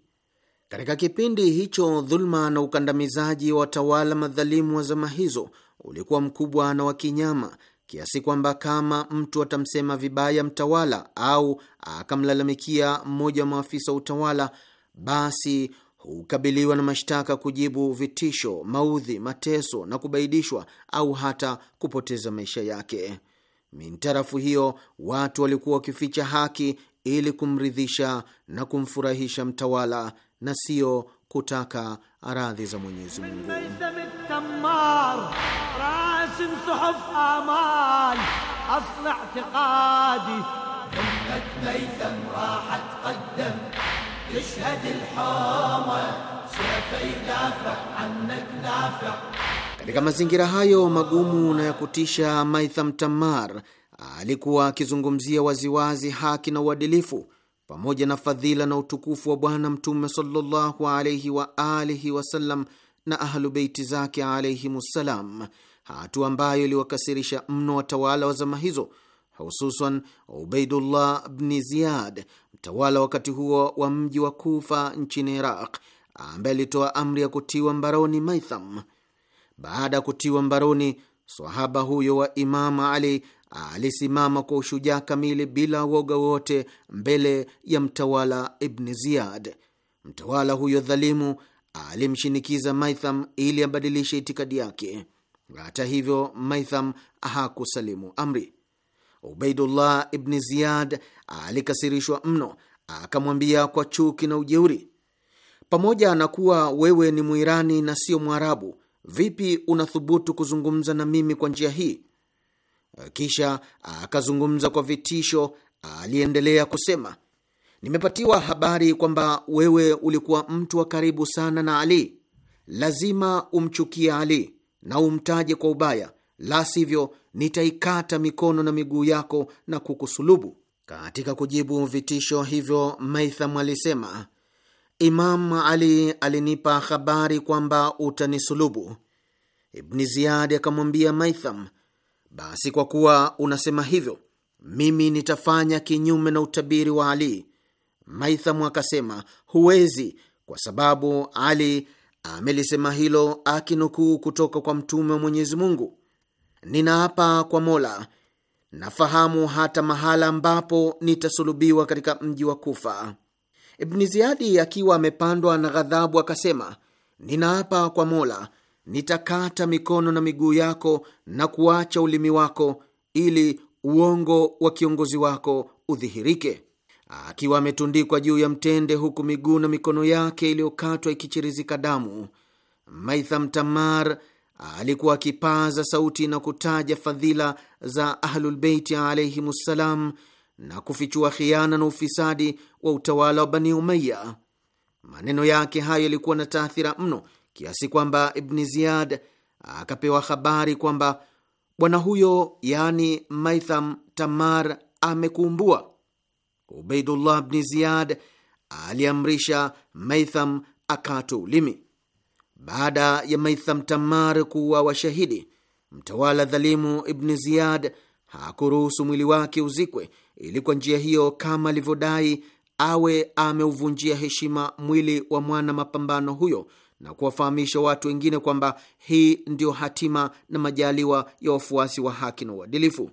Katika kipindi hicho, dhuluma na ukandamizaji wa watawala madhalimu wa zama hizo ulikuwa mkubwa na wa kinyama kiasi kwamba kama mtu atamsema vibaya mtawala au akamlalamikia mmoja wa maafisa wa utawala, basi hukabiliwa na mashtaka, kujibu vitisho, maudhi, mateso na kubaidishwa au hata kupoteza maisha yake. Mintarafu hiyo watu walikuwa wakificha haki ili kumridhisha na kumfurahisha mtawala na sio kutaka radhi za Mwenyezi Mungu. Katika mazingira hayo magumu na ya kutisha, Maitham Tamar alikuwa akizungumzia waziwazi haki na uadilifu pamoja na fadhila na utukufu wa Bwana Mtume sallallahu alaihi wa alihi wasallam na Ahlubeiti zake alaihimussalam, hatua ambayo iliwakasirisha mno watawala wa zama hizo, hususan Ubaidullah bni Ziyad, mtawala wakati huo wa mji wa Kufa nchini Iraq, ambaye alitoa amri ya kutiwa mbaroni Maitham. Baada ya kutiwa mbaroni, swahaba huyo wa Imama Ali alisimama kwa ushujaa kamili bila woga wote mbele ya mtawala Ibni Ziyad. Mtawala huyo dhalimu alimshinikiza Maitham ili abadilishe itikadi yake. Hata hivyo, Maitham hakusalimu amri. Ubaidullah Ibni Ziyad alikasirishwa mno, akamwambia kwa chuki na ujeuri, pamoja na kuwa wewe ni Mwirani na sio Mwarabu, vipi unathubutu kuzungumza na mimi kwa njia hii? Kisha akazungumza kwa vitisho. Aliendelea kusema, nimepatiwa habari kwamba wewe ulikuwa mtu wa karibu sana na Ali. Lazima umchukie Ali na umtaje kwa ubaya, la sivyo nitaikata mikono na miguu yako na kukusulubu. Katika kujibu vitisho hivyo, Maitham alisema Imam Ali alinipa habari kwamba utanisulubu. Ibni Ziyadi akamwambia Maitham, basi kwa kuwa unasema hivyo, mimi nitafanya kinyume na utabiri wa Ali. Maitham akasema, huwezi, kwa sababu Ali amelisema hilo akinukuu kutoka kwa Mtume wa Mwenyezi Mungu. Ninaapa kwa Mola, nafahamu hata mahala ambapo nitasulubiwa katika mji wa Kufa. Ibni Ziyadi akiwa amepandwa na ghadhabu akasema, ninaapa kwa Mola, nitakata mikono na miguu yako na kuacha ulimi wako ili uongo wa kiongozi wako udhihirike. Akiwa ametundikwa juu ya mtende, huku miguu na mikono yake iliyokatwa ikichirizika damu, Maitham Tamar alikuwa akipaza sauti na kutaja fadhila za Ahlulbeiti alaihim ssalam na kufichua khiana na ufisadi wa utawala wa Bani Umayya. Maneno yake hayo yalikuwa na taathira mno kiasi kwamba Ibni Ziyad akapewa habari kwamba bwana huyo, yaani Maitham Tamar, amekumbua. Ubeidullah Bni Ziyad aliamrisha Maitham akate ulimi. Baada ya Maitham Tamar kuwa washahidi, mtawala dhalimu Ibni Ziyad hakuruhusu mwili wake uzikwe ili kwa njia hiyo, kama alivyodai, awe ameuvunjia heshima mwili wa mwana mapambano huyo na kuwafahamisha watu wengine kwamba hii ndiyo hatima na majaliwa ya wafuasi wa haki na uadilifu.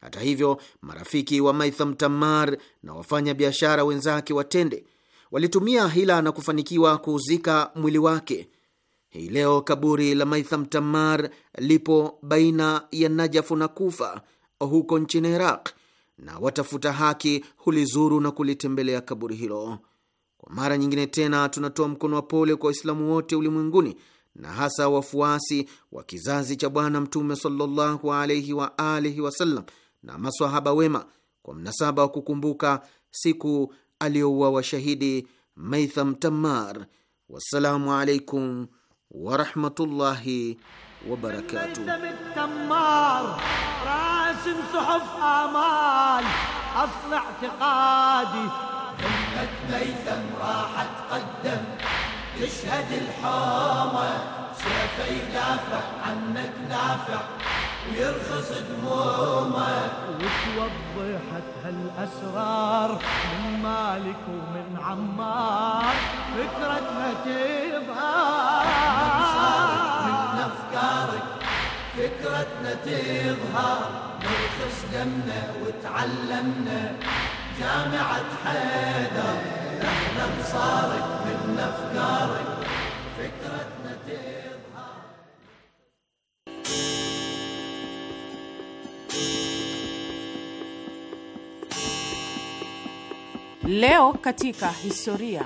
Hata hivyo, marafiki wa Maitham Tamar na wafanya biashara wenzake watende walitumia hila na kufanikiwa kuuzika mwili wake. Hii leo kaburi la Maitham Tamar lipo baina ya Najafu na Kufa huko nchini Iraq na watafuta haki hulizuru na kulitembelea kaburi hilo. Kwa mara nyingine tena, tunatoa mkono wa pole kwa Waislamu wote ulimwenguni na hasa wafuasi wa kizazi cha Bwana Mtume sallallahu alaihi wa alihi wasallam na maswahaba wema kwa mnasaba wa kukumbuka siku aliyoua washahidi Maitham Tammar. Wassalamu alaikum warahmatullahi وبركاته ليس التمار راسم صحف آمال أصل اعتقادي أمة ميثم راح تقدم تشهد الحومة سيف يدافع عنك نافع ويرخص دمومه وتوضحت هالأسرار من مالك ومن عمار فكرتها تظهر فكرتنا تظهر نرخص دمنا وتعلمنا جامعة حيدر احنا بصارك من افكارك فكرتنا تظهر Leo katika historia.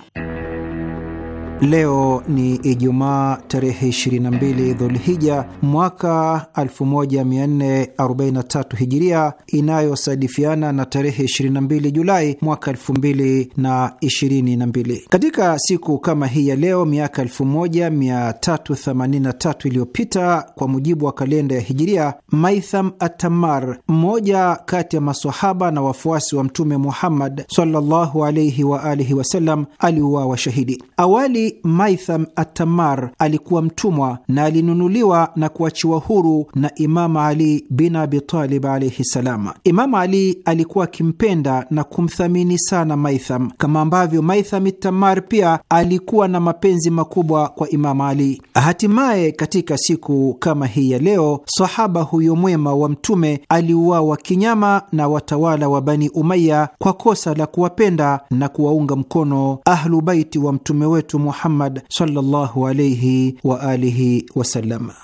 Leo ni Ijumaa tarehe 22 Dhulhija mwaka 1443 Hijiria, inayosadifiana na tarehe 22 Julai mwaka 2022. Katika siku kama hii ya leo miaka 1383 iliyopita, kwa mujibu wa kalenda ya Hijiria, Maitham Atamar, mmoja kati ya masahaba na wafuasi wa Mtume Muhammad sallallahu alaihi waalihi wasallam, aliuawa shahidi. Awali Maitham Atamar alikuwa mtumwa na alinunuliwa na kuachiwa huru na Imamu Ali bin Abitalib alaihi salam. Imamu Ali alikuwa akimpenda na kumthamini sana Maitham, kama ambavyo Maitham Atamar pia alikuwa na mapenzi makubwa kwa Imamu Ali. Hatimaye katika siku kama hii ya leo, sahaba huyo mwema wa Mtume aliuawa kinyama na watawala wa Bani Umaya kwa kosa la kuwapenda na kuwaunga mkono Ahlubaiti wa mtume wetu Muhammad sallallahu alayhi wa alihi wasallam.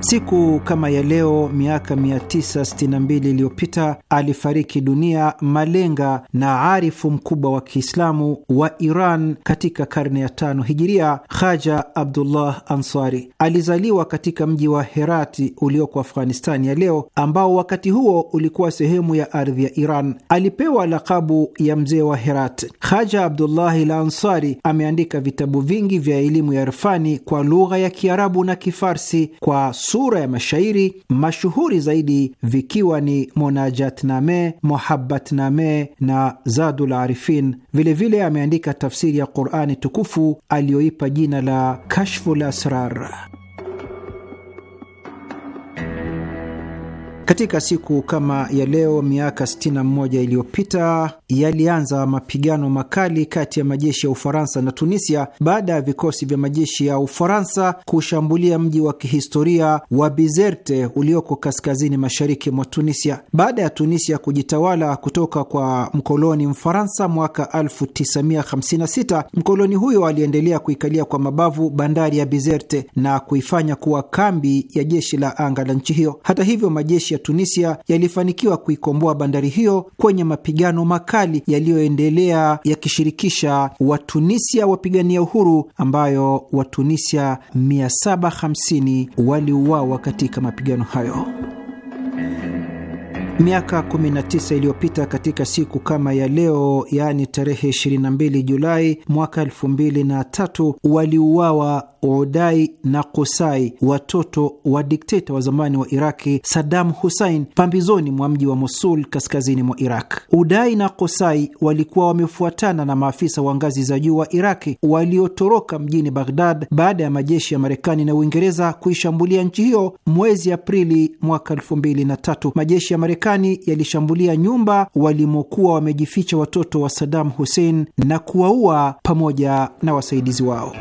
Siku kama ya leo miaka 962 iliyopita alifariki dunia malenga na arifu mkubwa wa Kiislamu wa Iran katika karne ya tano hijiria, Haja Abdullah Ansari. Alizaliwa katika mji wa Herati ulioko Afghanistani ya leo, ambao wakati huo ulikuwa sehemu ya ardhi ya Iran. Alipewa lakabu ya mzee wa Herat. Haja Abdullahi la Ansari ameandika vitabu vingi vya elimu ya irfani kwa lugha ya Kiarabu na Kifarsi kwa sura ya mashairi mashuhuri zaidi vikiwa ni Monajatname, Mohabatname na Zadul Arifin. Vilevile ameandika tafsiri ya Qurani tukufu aliyoipa jina la Kashful Asrar. Katika siku kama ya leo miaka 61 iliyopita yalianza mapigano makali kati ya majeshi ya Ufaransa na Tunisia baada ya vikosi vya majeshi ya Ufaransa kushambulia mji wa kihistoria wa Bizerte ulioko kaskazini mashariki mwa Tunisia. Baada ya Tunisia kujitawala kutoka kwa mkoloni Mfaransa mwaka 1956, mkoloni huyo aliendelea kuikalia kwa mabavu bandari ya Bizerte na kuifanya kuwa kambi ya jeshi la anga la nchi hiyo. Hata hivyo majeshi ya Tunisia yalifanikiwa kuikomboa bandari hiyo kwenye mapigano makali yaliyoendelea yakishirikisha Watunisia wapigania uhuru, ambayo Watunisia 750 waliuawa katika mapigano hayo. Miaka 19 iliyopita katika siku kama ya leo, yaani tarehe 22 Julai mwaka 2003, waliuawa Udai na Kusai, watoto wa dikteta wa zamani wa Iraki sadam Hussein, pambizoni mwa mji wa Mosul kaskazini mwa Iraq. Udai na Kusai walikuwa wamefuatana na maafisa wa ngazi za juu wa Iraki waliotoroka mjini Baghdad baada ya majeshi ya Marekani na Uingereza kuishambulia nchi hiyo mwezi Aprili mwaka 2003. Majeshi ya Marekani Marekani yalishambulia nyumba walimokuwa wamejificha watoto wa Saddam Hussein na kuwaua pamoja na wasaidizi wao.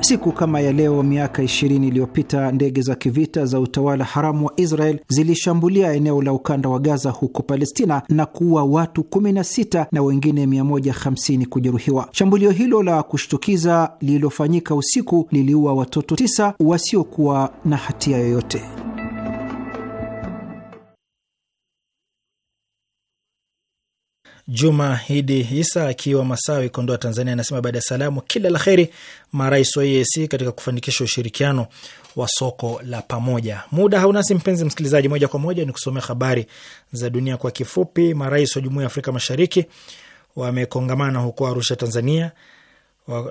Siku kama ya leo miaka 20 iliyopita ndege za kivita za utawala haramu wa Israel zilishambulia eneo la ukanda wa Gaza huko Palestina na kuua watu 16 na wengine 150 kujeruhiwa. Shambulio hilo la kushtukiza lililofanyika usiku liliua watoto 9 wasiokuwa na hatia yoyote. Juma Hidi Isa akiwa Masawi, Kondoa, Tanzania, anasema baada ya salamu, kila la heri marais wa EAC katika kufanikisha ushirikiano wa soko la pamoja. Muda haunasi, mpenzi msikilizaji, moja kwa moja ni kusomea habari za dunia kwa kifupi. Marais wa Jumuiya ya Afrika Mashariki wamekongamana huko Arusha, Tanzania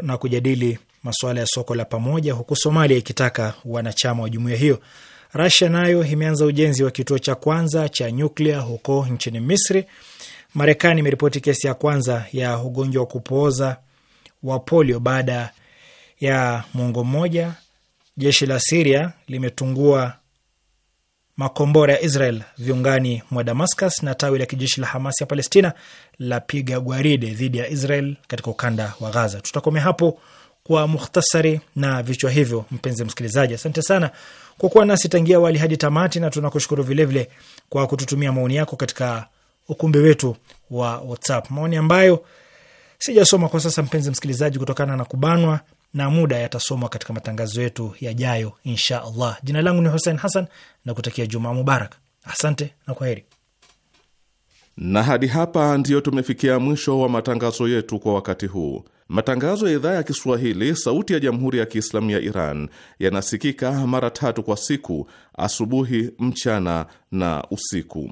na kujadili masuala ya soko la pamoja, huku Somalia ikitaka wanachama wa jumuiya hiyo. Rasia nayo imeanza ujenzi wa kituo cha kwanza cha nyuklia huko nchini Misri. Marekani imeripoti kesi ya kwanza ya ugonjwa wa kupooza wa polio baada ya mwongo mmoja. Jeshi la Siria limetungua makombora ya Israel viungani mwa Damascus, na tawi la kijeshi la Hamas ya Palestina lapiga gwaride dhidi ya Israel katika ukanda wa Gaza. Tutakomea hapo kwa mukhtasari na vichwa hivyo. Mpenzi msikilizaji, asante sana kwa kuwa nasi tangia awali hadi tamati, na tunakushukuru vilevile kwa kututumia maoni yako katika ukumbi wetu wa WhatsApp. Maoni ambayo sijasoma kwa sasa, mpenzi msikilizaji, kutokana na kubanwa na muda, yatasomwa katika matangazo yetu yajayo, insha Allah. Jina langu ni Hussein Hassan na kutakia Jumaa Mubarak. Asante na heri. Na hadi hapa ndiyo tumefikia mwisho wa matangazo yetu kwa wakati huu. Matangazo ya idhaa ya Kiswahili sauti ya jamhuri ya Kiislamu ya Iran yanasikika mara tatu kwa siku: asubuhi, mchana na usiku.